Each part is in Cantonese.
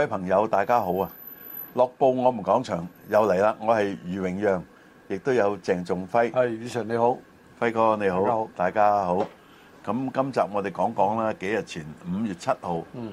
各位朋友，大家好啊！樂報我們講場又嚟啦，我係余榮讓，亦都有鄭仲輝。係，榮讓你好，輝哥你好，大家好。咁今集我哋講講啦，幾日前五月七號，嗯，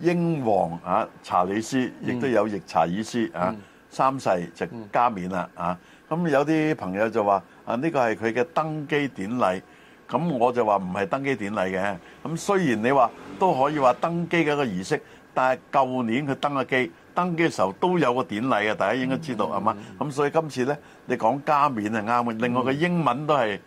英皇啊查理斯亦都有易查爾斯、嗯、啊三世就加冕啦、嗯、啊！咁有啲朋友就話啊呢、這個係佢嘅登基典禮。咁我就話唔係登基典禮嘅，咁雖然你話都可以話登基嘅一個儀式，但係舊年佢登嘅基，登基嘅時候都有個典禮嘅，大家應該知道係嘛？咁所以今次咧，你講加冕係啱嘅，另外個英文都係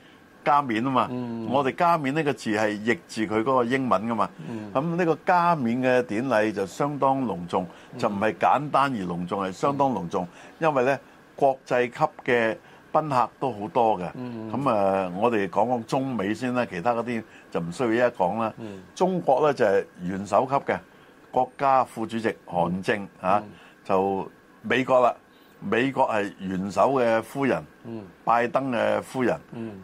加冕啊嘛。我哋加冕呢個字係譯自佢嗰個英文㗎嘛。咁呢個加冕嘅典禮就相當隆重，就唔係簡單而隆重，係相當隆重，因為咧，國際級嘅。賓客都好多嘅，咁、嗯嗯、啊，我哋講講中美先啦，其他嗰啲就唔需要一一講啦、嗯。中國咧就係元首級嘅國家副主席韓正、嗯、啊，就美國啦，美國係元首嘅夫人，嗯、拜登嘅夫人。咁、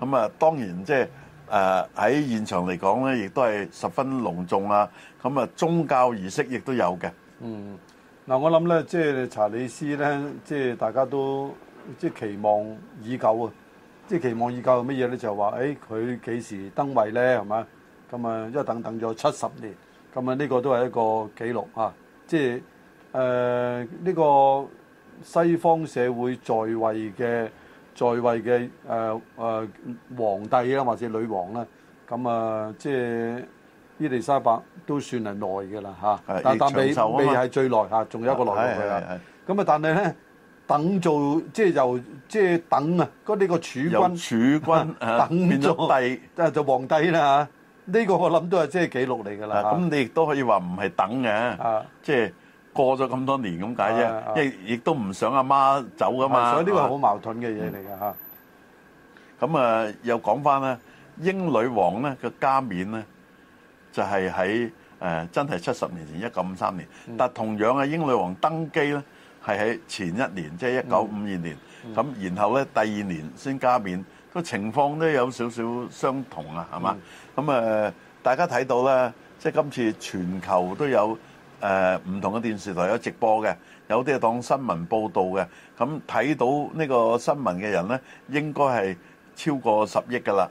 嗯、啊，當然即係誒喺現場嚟講咧，亦都係十分隆重啦咁啊，宗教儀式亦都有嘅。嗯，嗱，我諗咧，即係查理斯咧，即係大家都。即係期望已久啊！即係期望已久係乜嘢咧？就係話誒，佢、哎、幾時登位咧？係嘛？咁啊，一等等咗七十年，咁啊，呢個都係一個記錄啊！即係誒呢個西方社會在位嘅在位嘅誒誒皇帝啊，或者女王咧，咁啊，即係伊利沙伯都算係耐嘅啦嚇，但但未未係最耐嚇，仲、啊、有一個耐落啦。咁啊，但係咧。等做即係由即係等啊！嗰啲個儲君，儲君等變咗帝，即係做皇帝啦！呢個我諗都係即係記錄嚟噶啦。咁你亦都可以話唔係等嘅，即係過咗咁多年咁解啫。亦亦都唔想阿媽走噶嘛。所以呢個係好矛盾嘅嘢，嚟噶吓。咁啊，又講翻咧，英女王咧個加冕咧，就係喺誒，真係七十年前，一九五三年。但係同樣啊，英女王登基咧，係喺前一年，即係一九五二年，咁、嗯嗯、然後呢，第二年先加冕，個情況都有少少相同啊，係嘛？咁、嗯、誒、嗯呃，大家睇到呢，即係今次全球都有誒唔、呃、同嘅電視台有直播嘅，有啲係當新聞報導嘅，咁、嗯、睇到呢個新聞嘅人呢，應該係超過十億噶啦，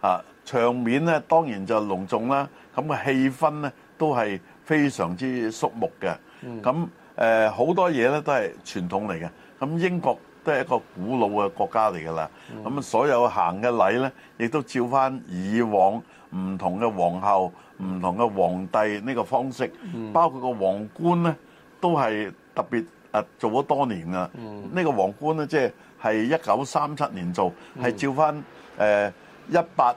啊，場面呢，當然就隆重啦，咁嘅氣氛呢，都係非常之肅穆嘅，咁、嗯。嗯誒、呃、好多嘢咧都係傳統嚟嘅，咁英國都係一個古老嘅國家嚟㗎啦。咁、嗯、所有行嘅禮咧，亦都照翻以往唔同嘅皇后、唔、嗯、同嘅皇帝呢個方式，嗯、包括個皇冠咧、嗯、都係特別、啊、做咗多年啊。呢、嗯呢個皇冠咧即係係一九三七年做，係、嗯、照翻誒一八。呃18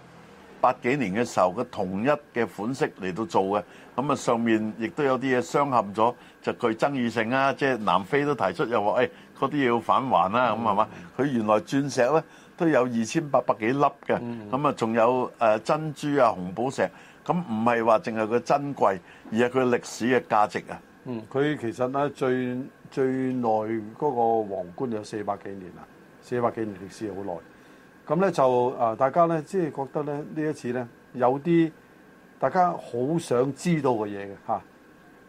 八幾年嘅時候，佢同一嘅款式嚟到做嘅，咁啊上面亦都有啲嘢鑲嵌咗，就佢爭議性啊，即係南非都提出又話，誒嗰啲要返還啦，咁係嘛？佢原來鑽石咧都有二千八百幾粒嘅，咁啊仲有誒珍珠啊、紅寶石，咁唔係話淨係佢珍貴，而係佢歷史嘅價值啊。嗯，佢其實咧最最耐嗰個皇冠有四百幾年啦，四百幾年歷史好耐。咁咧就、呃、大家咧即係覺得咧呢一次咧有啲大家好想知道嘅嘢嘅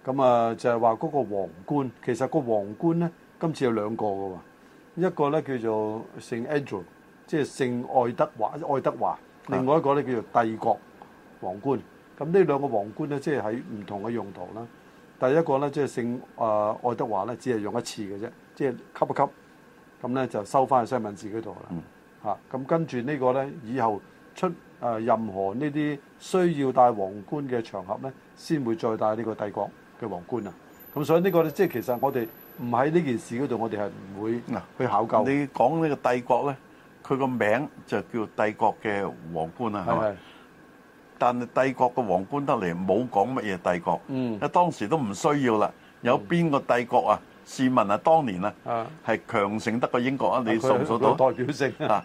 咁啊，啊就係話嗰個皇冠，其實個皇冠咧今次有兩個㗎嘛。一個咧叫做聖 e 德，即係聖愛德華愛德華，另外一個咧叫做帝國皇冠。咁呢兩個皇冠咧即係喺唔同嘅用途啦。第一個咧即係聖、呃、愛德華咧，只係用一次嘅啫，即係吸一吸，咁咧就收翻去西敏寺嗰度啦。啊咁、啊、跟住呢個咧，以後出、呃、任何呢啲需要戴皇冠嘅場合咧，先會再戴呢個帝國嘅皇冠啊！咁所以呢個咧，即係其實我哋唔喺呢件事嗰度，我哋係唔會去考究。你講呢個帝國咧，佢個名就叫帝國嘅皇冠啊，是是係咪？但係帝國嘅皇冠得嚟冇講乜嘢帝國。嗯，當時都唔需要啦。有邊個帝國啊？試、嗯、問啊，當年啊，係、啊、強盛得過英國啊？你數唔數到、啊、代表性啊？啊。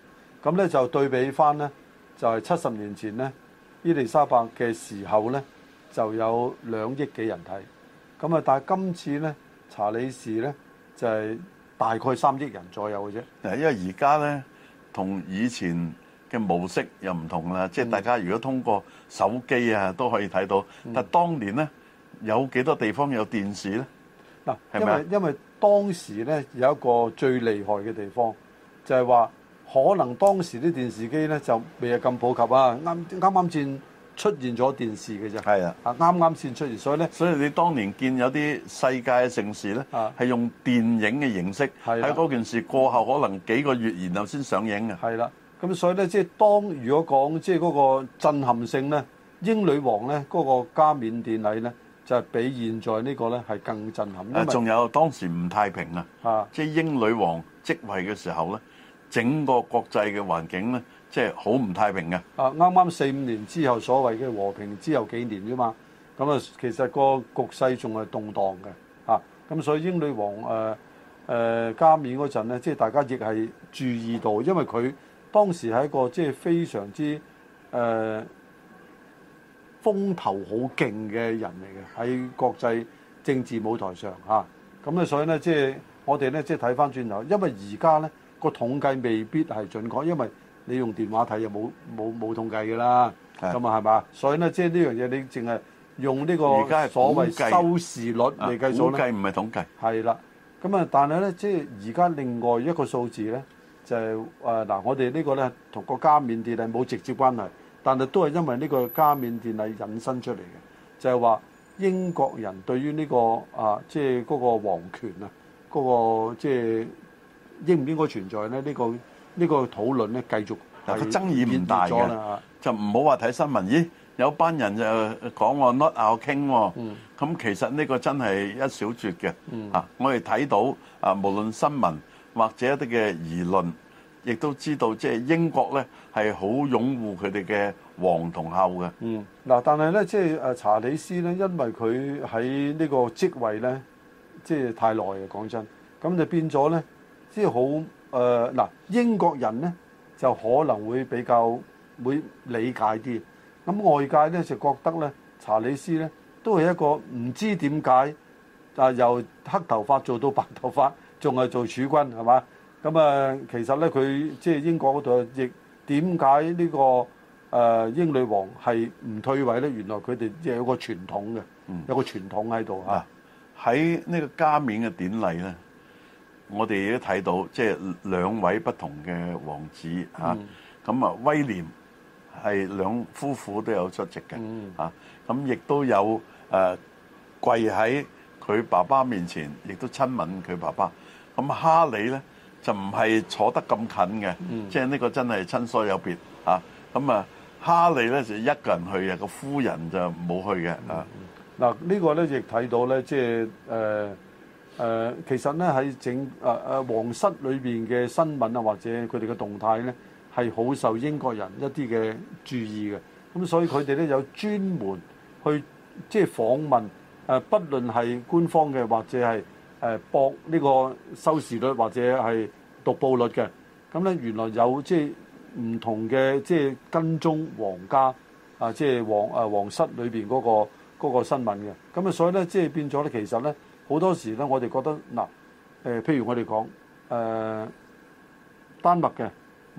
咁咧就對比翻咧，就係七十年前咧伊利沙伯嘅時候咧就有兩億幾人睇，咁啊但係今次咧查理斯咧就係大概三億人左右嘅啫。因為而家咧同以前嘅模式又唔同啦，嗯，即係大家如果通過手機啊都可以睇到，嗯，但當當年咧有幾多地方有電視咧？嗱，因為是是因為當時咧有一個最厲害嘅地方就係話。可能當時啲電視機呢就未有咁普及啊，啱啱啱先出現咗電視嘅啫。係啊，啱啱先出現，所以呢，所以你當年見有啲世界盛事呢，係用電影嘅形式喺嗰件事過後，可能幾個月然後先上映嘅。係啦，咁所以呢，即係當如果講即係嗰個震撼性呢，英女王呢，嗰個加冕典禮呢，就係比現在呢個呢係更震撼。誒，仲有當時唔太平啊，即係英女王即位嘅時候呢。整個國際嘅環境呢，即係好唔太平嘅。啊，啱啱四五年之後所謂嘅和平之後幾年啫嘛，咁啊，其實個局勢仲係動盪嘅嚇。咁、啊、所以英女王誒誒、呃呃、加冕嗰陣咧，即係大家亦係注意到，因為佢當時係一個即係非常之誒、呃、風頭好勁嘅人嚟嘅，喺國際政治舞台上嚇。咁、啊、咧，所以呢，即、就、係、是、我哋呢，即係睇翻轉頭，因為而家呢。個統計未必係準確，因為你用電話睇又冇冇冇統計㗎啦，咁啊係嘛？所以呢，即係呢樣嘢你淨係用呢個所謂收視率嚟計數咧。估計唔係統計。係啦，咁啊，是是但係呢，即係而家另外一個數字呢，就誒、是、嗱、呃，我哋呢個呢，同個加冕典禮冇直接關係，但係都係因為呢個加冕典禮引申出嚟嘅，就係、是、話英國人對於呢、這個啊，即係嗰、那個皇權啊，嗰、那個即係。應唔應該存在咧？呢個呢個討論咧，繼續嗱個爭議唔大嘅，就唔好話睇新聞咦？有班人就講話 not our king 喎，咁其實呢個真係一小撮嘅啊！我哋睇到啊，無論新聞或者一啲嘅輿論，亦都知道即係英國咧係好擁護佢哋嘅王同后嘅。嗯，嗱，但係咧即係誒查理斯咧，因為佢喺呢個職位咧，即係太耐嘅，講真，咁就變咗咧。即係好誒嗱，英國人咧就可能會比較會理解啲。咁、嗯、外界咧就覺得咧查理斯咧都係一個唔知點解啊，由黑頭髮做到白頭髮，仲係做儲君係嘛？咁啊、嗯，其實咧佢即係英國嗰度亦點解呢個誒、呃、英女王係唔退位咧？原來佢哋即係有個傳統嘅、嗯，有個傳統喺度啊。喺呢個加冕嘅典禮咧。我哋亦都睇到，即係兩位不同嘅王子咁、嗯、啊威廉係兩夫婦都有出席嘅，咁亦都有誒、呃、跪喺佢爸爸面前，亦都親吻佢爸爸。咁、啊、哈利咧就唔係坐得咁近嘅、嗯，即係呢個真係親疏有別咁啊，啊哈利咧就一個人去嘅，個夫人就冇去嘅啊。嗱、嗯嗯、呢個咧亦睇到咧，即係誒。呃誒、呃、其實咧喺整誒誒、呃、皇室裏邊嘅新聞啊，或者佢哋嘅動態咧，係好受英國人一啲嘅注意嘅。咁所以佢哋咧有專門去即係訪問誒、呃，不論係官方嘅或者係誒、呃、博呢個收視率或者係讀報率嘅。咁咧原來有即係唔同嘅即係跟蹤皇家啊，即係皇誒、呃、皇室裏邊嗰個嗰個新聞嘅。咁啊，所以咧即係變咗咧，其實咧。好多時咧，我哋覺得嗱，誒，譬如我哋講，誒、呃，丹麥嘅，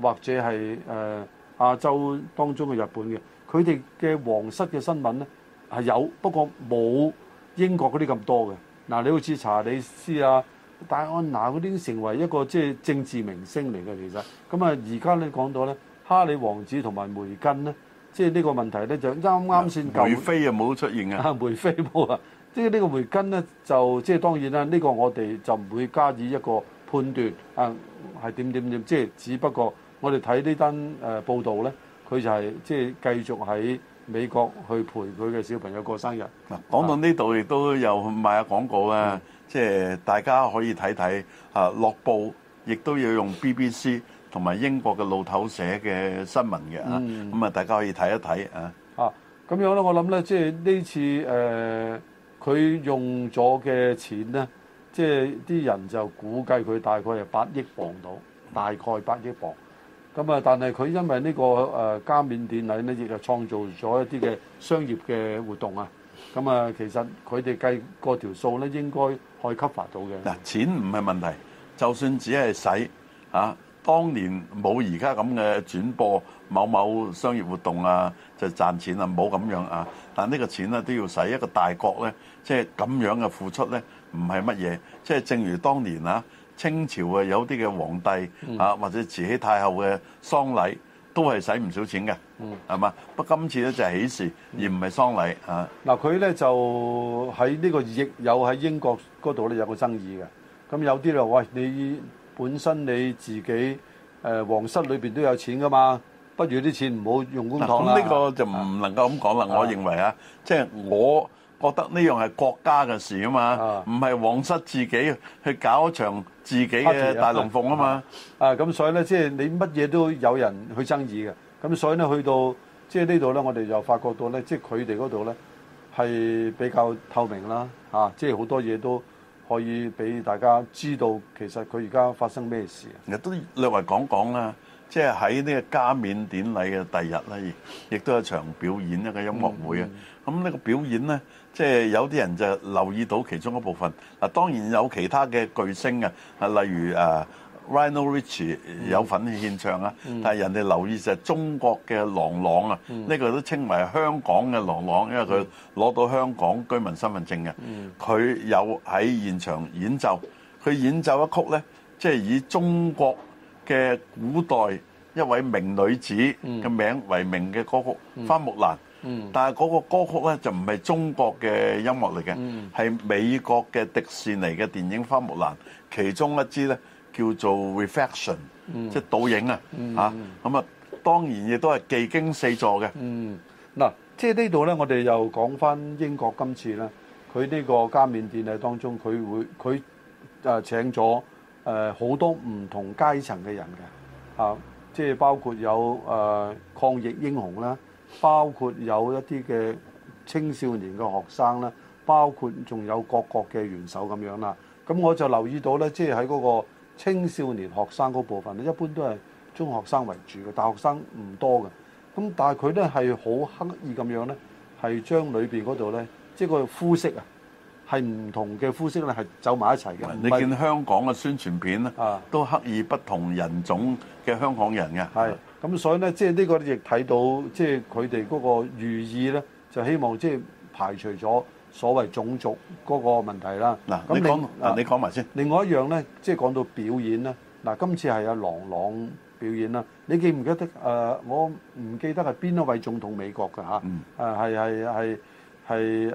或者係誒、呃、亞洲當中嘅日本嘅，佢哋嘅皇室嘅新聞咧係有，不過冇英國嗰啲咁多嘅。嗱、呃，你好似查理斯啊、戴安娜嗰啲，成為一個即係政治明星嚟嘅其實。咁啊，而家你講到咧，哈里王子同埋梅根咧，即係呢個問題咧就啱啱先夠。梅妃啊，又冇出現啊。梅妃冇啊。即呢個梅根呢，就即係當然啦。呢、呢個我哋就唔會加以一個判斷，啊係點點點。即係只不過我哋睇呢單誒報道呢，佢就係、係、即係繼續喺美國去陪佢嘅小朋友過生日。講到呢度，亦、啊、都有賣下廣告啊、嗯！即係大家可以睇睇啊，《樂報》亦都要用 B B C 同埋英國嘅路透社嘅新聞嘅啊。咁啊，大家可以睇一睇啊。啊，咁樣呢，我諗呢，即係呢次誒。呃佢用咗嘅錢呢，即係啲人就估計佢大概係八億磅到，大概八億磅。咁啊，但係佢因為呢、呢個誒、呃、加冕典禮呢，亦係創造咗一啲嘅商業嘅活動啊。咁啊，其實佢哋計個條數呢，應該可以 cover 到嘅。嗱，錢唔係問題，就算只係使嚇。啊。當年冇而家咁嘅轉播某某商業活動啊，就賺錢啊，冇咁樣啊。但呢個錢咧、啊、都要使一個大國咧，即係咁樣嘅付出咧，唔係乜嘢。即、就、係、是、正如當年啊，清朝啊有啲嘅皇帝啊，嗯、或者慈禧太后嘅喪禮都係使唔少錢嘅，係、嗯、嘛？但今次咧就係喜事，而唔係喪禮、嗯、啊。嗱，佢咧就喺呢個亦有喺英國嗰度咧有個爭議嘅。咁有啲就話喂，你。本身你自己誒皇室裏邊都有錢噶嘛，不如啲錢唔好用公帑啦。咁呢個就唔能夠咁講啦。我認為啊，即係我覺得呢樣係國家嘅事啊嘛，唔係皇室自己去搞一場自己嘅大龍鳳啊嘛。啊咁所以咧，即係你乜嘢都有人去爭議嘅。咁所以咧，去到即係呢度咧，我哋就發覺到咧，即係佢哋嗰度咧係比較透明啦。嚇，即係好多嘢都。可以俾大家知道，其實佢而家發生咩事啊？其實都略為講講啦，即係喺呢個加冕典禮嘅第二日咧，亦都有場表演一個音樂會啊。咁呢個表演咧，即係有啲人就留意到其中一部分。嗱，當然有其他嘅巨星啊，例如誒，Rino r i c h 有份獻唱啊、嗯嗯！但係人哋留意就係中國嘅郎朗啊、嗯、呢、這個都稱為香港嘅郎朗，因為佢攞到香港居民身份證嘅。佢有喺現場演奏，佢演奏一曲咧，即係以中國嘅古代一位名女子嘅名為名嘅歌曲《花木蘭》，但係嗰個歌曲咧就唔係中國嘅音樂嚟嘅，係美國嘅迪士尼嘅電影《花木蘭》其中一支咧。叫做 reflection，即係倒影啊嚇咁啊！當然亦都係技驚四座嘅。嗯，嗱，即係呢度咧，我哋又講翻英國今次咧，佢呢個加冕典禮當中，佢會佢誒請咗誒好多唔同階層嘅人嘅啊！即係包括有誒抗疫英雄啦，包括有一啲嘅青少年嘅學生啦，包括仲有各國嘅元首咁樣啦。咁我就留意到咧，即係喺嗰個青少年學生嗰部分咧，一般都係中學生為主嘅，大學生唔多嘅。咁但係佢咧係好刻意咁樣咧，係將裏面嗰度咧，即係個膚色啊，係唔同嘅膚色咧係走埋一齊嘅。你見香港嘅宣傳片咧，都刻意不同人種嘅香港人嘅。咁所以咧，即係呢個亦睇到，即係佢哋嗰個寓意咧，就希望即係排除咗。所謂種族嗰個問題啦。嗱，你講，你講埋先。另外一樣咧，即係講到表演啦。嗱，今次係阿郎朗表演啦。你記唔記得？誒，我唔記得係邊一位總統美國嘅吓。嗯。誒，係係係係誒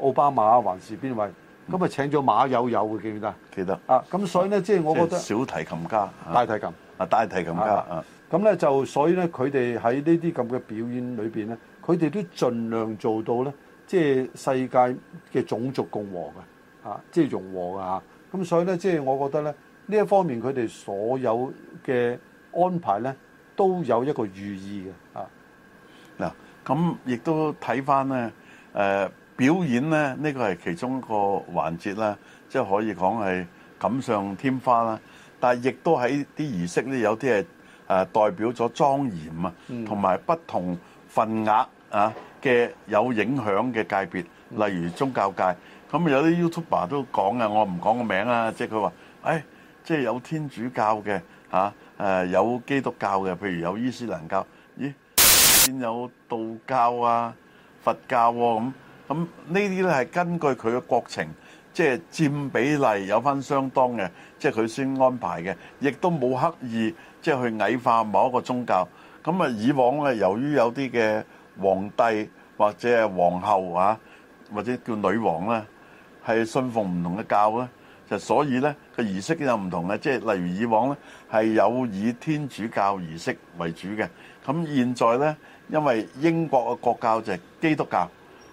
奧巴馬還是邊位？咁啊請咗馬友友嘅記唔記得？記得。啊，咁所以咧，即係我覺得。小提琴家。大提琴。啊，大提琴家啊。咁咧就所以咧，佢哋喺呢啲咁嘅表演裏邊咧，佢哋都盡量做到咧。即係世界嘅種族共和嘅，啊，即係融和嘅嚇。咁所以咧，即係我覺得咧，呢一方面佢哋所有嘅安排咧，都有一個寓意嘅，啊。嗱，咁亦都睇翻咧，誒表演咧，呢個係其中一個環節啦，即係可以講係錦上添花啦。但係亦都喺啲儀式咧，有啲係誒代表咗莊嚴啊，同埋不同份額。啊嘅有影響嘅界別，例如宗教界咁啊，有啲 YouTuber 都講啊，我唔講個名啦，即係佢話誒，即係有天主教嘅嚇誒，有基督教嘅，譬如有伊斯蘭教，咦，先有道教啊、佛教，咁咁，呢啲咧係根據佢嘅國情，即係佔比例有返相當嘅，即係佢先安排嘅，亦都冇刻意即係去矮化某一個宗教。咁啊，以往咧由於有啲嘅。皇帝或者皇后啊，或者叫女王咧、啊，係信奉唔同嘅教咧，就所以呢，個儀式有唔同嘅，即係例如以往呢，係有以天主教儀式為主嘅，咁現在呢，因為英國嘅國教就係基督教，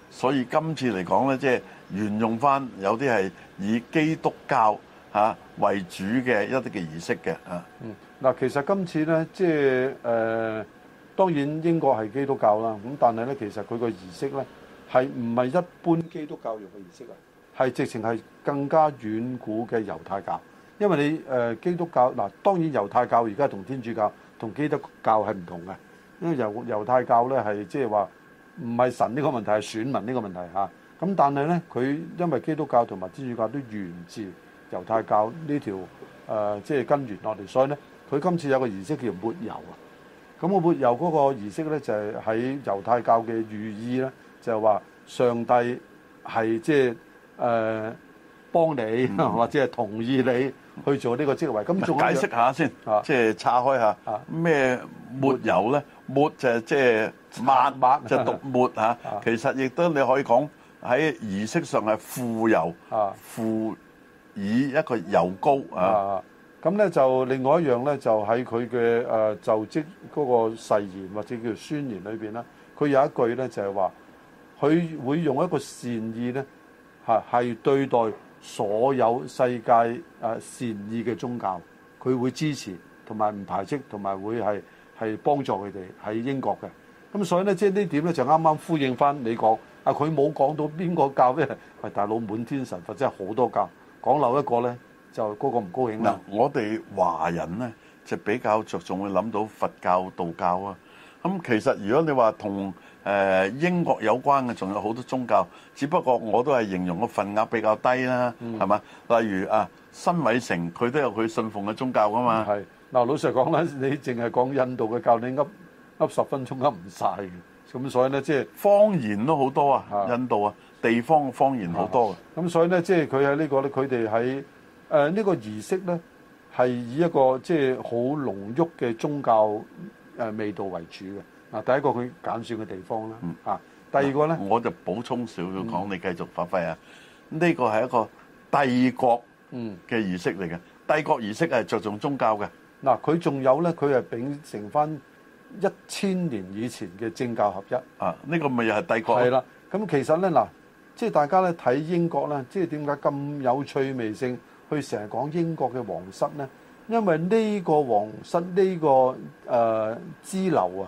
所以今次嚟講呢，即、就、係、是、沿用翻有啲係以基督教、啊、為主嘅一啲嘅儀式嘅嗱、嗯、其實今次呢，即係。呃當然英國係基督教啦，咁但係呢，其實佢個儀式呢，係唔係一般基督教用嘅儀式啊？係直情係更加遠古嘅猶太教，因為你誒基督教嗱，當然猶太教而家同天主教同基督教係唔同嘅，因為猶猶太教呢，係即係話唔係神呢個問題，係選民呢個問題嚇。咁但係呢，佢因為基督教同埋天主教都源自猶太教呢條誒即係根源落嚟，所以呢，佢今次有個儀式叫做抹油啊。咁我抹油嗰個儀式咧，就係喺猶太教嘅寓意咧，就係話上帝係即係誒幫你，嗯、或者係同意你去做呢個職位。咁、嗯、解釋下先，即係岔開下咩抹、啊啊、油咧？抹就係即係抹抹，就讀抹嚇。其實亦都你可以講喺儀式上係富油，富、啊、以一個油膏、啊啊。咁咧就另外一樣咧，就喺佢嘅誒就職嗰個誓言或者叫宣言裏面咧，佢有一句咧就係話，佢會用一個善意咧係對待所有世界誒善意嘅宗教，佢會支持同埋唔排斥，同埋會係係幫助佢哋喺英國嘅。咁所以咧，即係呢點咧就啱啱呼應翻你講啊，佢冇講到邊個教咧，係大佬滿天神佛，即係好多教，講漏一個咧。就嗰個唔高興啦、啊嗯。我哋華人咧就比較着重會諗到佛教、道教啊。咁、嗯、其實如果你話同、呃、英國有關嘅，仲有好多宗教。只不過我都係形容個份額比較低啦、啊，係、嗯、嘛？例如啊，新偉城，佢都有佢信奉嘅宗教噶、啊、嘛。係、嗯、嗱，老實講啦，你淨係講印度嘅教，你噏噏十分鐘噏唔晒嘅。咁所以咧，即係方言都好多啊，印度啊，地方嘅方言好多嘅、啊。咁所以咧，即係佢喺呢個咧，佢哋喺。誒、呃、呢、這個儀式咧係以一個即係好濃郁嘅宗教誒味道為主嘅嗱。第一個佢減少嘅地方啦、嗯，啊，第二個咧我就補充少少講、嗯，你繼續發揮啊。呢、這個係一個帝國嘅儀式嚟嘅、嗯，帝國儀式係着重宗教嘅嗱。佢、啊、仲有咧，佢係秉承翻一千年以前嘅政教合一啊。呢、這個咪又係帝國係啦。咁、嗯、其實咧嗱、啊，即係大家咧睇英國咧，即係點解咁有趣味性？佢成日講英國嘅皇室咧，因為呢個皇室呢、呢個誒、呃、支流啊，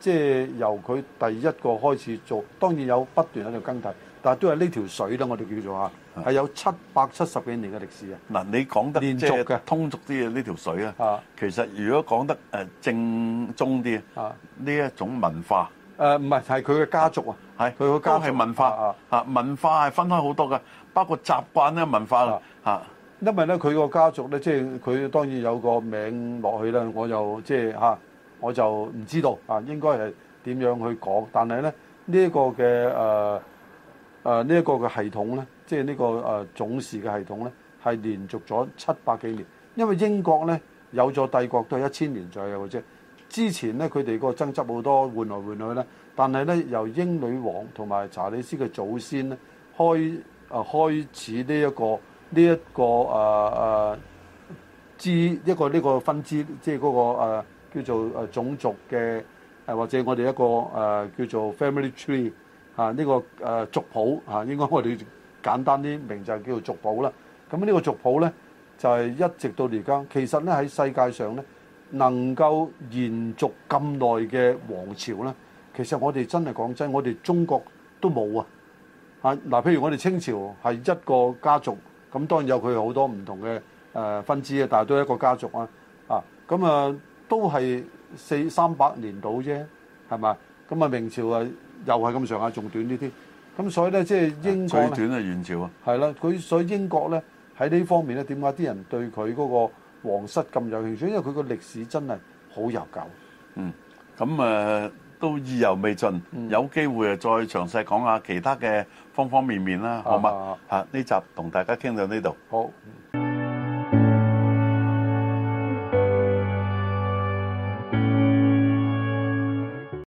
即係由佢第一個開始做，當然有不斷喺度更替，但係都係呢條水啦，我哋叫做啊，係有七百七十幾年嘅歷史啊。嗱，你講得即係、就係、通俗啲嘅呢條水啊，其實如果講得誒正宗啲啊，呢一種文化誒唔係係佢嘅家族、佢嘅家族啊，係佢個家係文化啊，文化係分開好多嘅，包括習慣咧文化啊。啊因為咧，佢個家族咧，即係佢當然有個名落去啦。我就即係嚇，我就唔知道啊，應該係點樣去講。但係咧，呢一個嘅誒誒呢一個嘅系統咧，即係呢個誒種氏嘅系統咧，係連續咗七百幾年。因為英國咧有咗帝國都係一千年左右嘅啫。之前咧，佢哋個爭執好多，換來換去咧。但係咧，由英女王同埋查理斯嘅祖先咧，開啊開始呢一個。呢一個啊啊支一個呢個分支，即係嗰個啊叫做啊種族嘅，誒或者我哋一個啊叫做 family tree 啊呢個誒族譜啊，應該我哋簡單啲名就係叫做族譜啦。咁呢個族譜咧，就係一直到而家。其實咧，喺世界上咧，能夠延續咁耐嘅皇朝咧，其實我哋真係講真，我哋中國都冇啊。啊嗱，譬如我哋清朝係一個家族。咁當然有佢好多唔同嘅誒分支啊，但係都係一個家族啊，啊咁啊都係四三百年到啫，係咪？咁啊明朝啊又係咁上下，仲短啲添。咁所以咧，即係英國咧最短係元朝啊。係啦，佢所以英國咧喺呢方面咧，點解啲人對佢嗰個皇室咁有興趣？因為佢個歷史真係好悠久。嗯，咁啊。都意猶未盡，有機會再詳細講下其他嘅方方面面啦，好嗎？嚇、uh-huh，呢集同大家傾到呢度。好。uh-huh.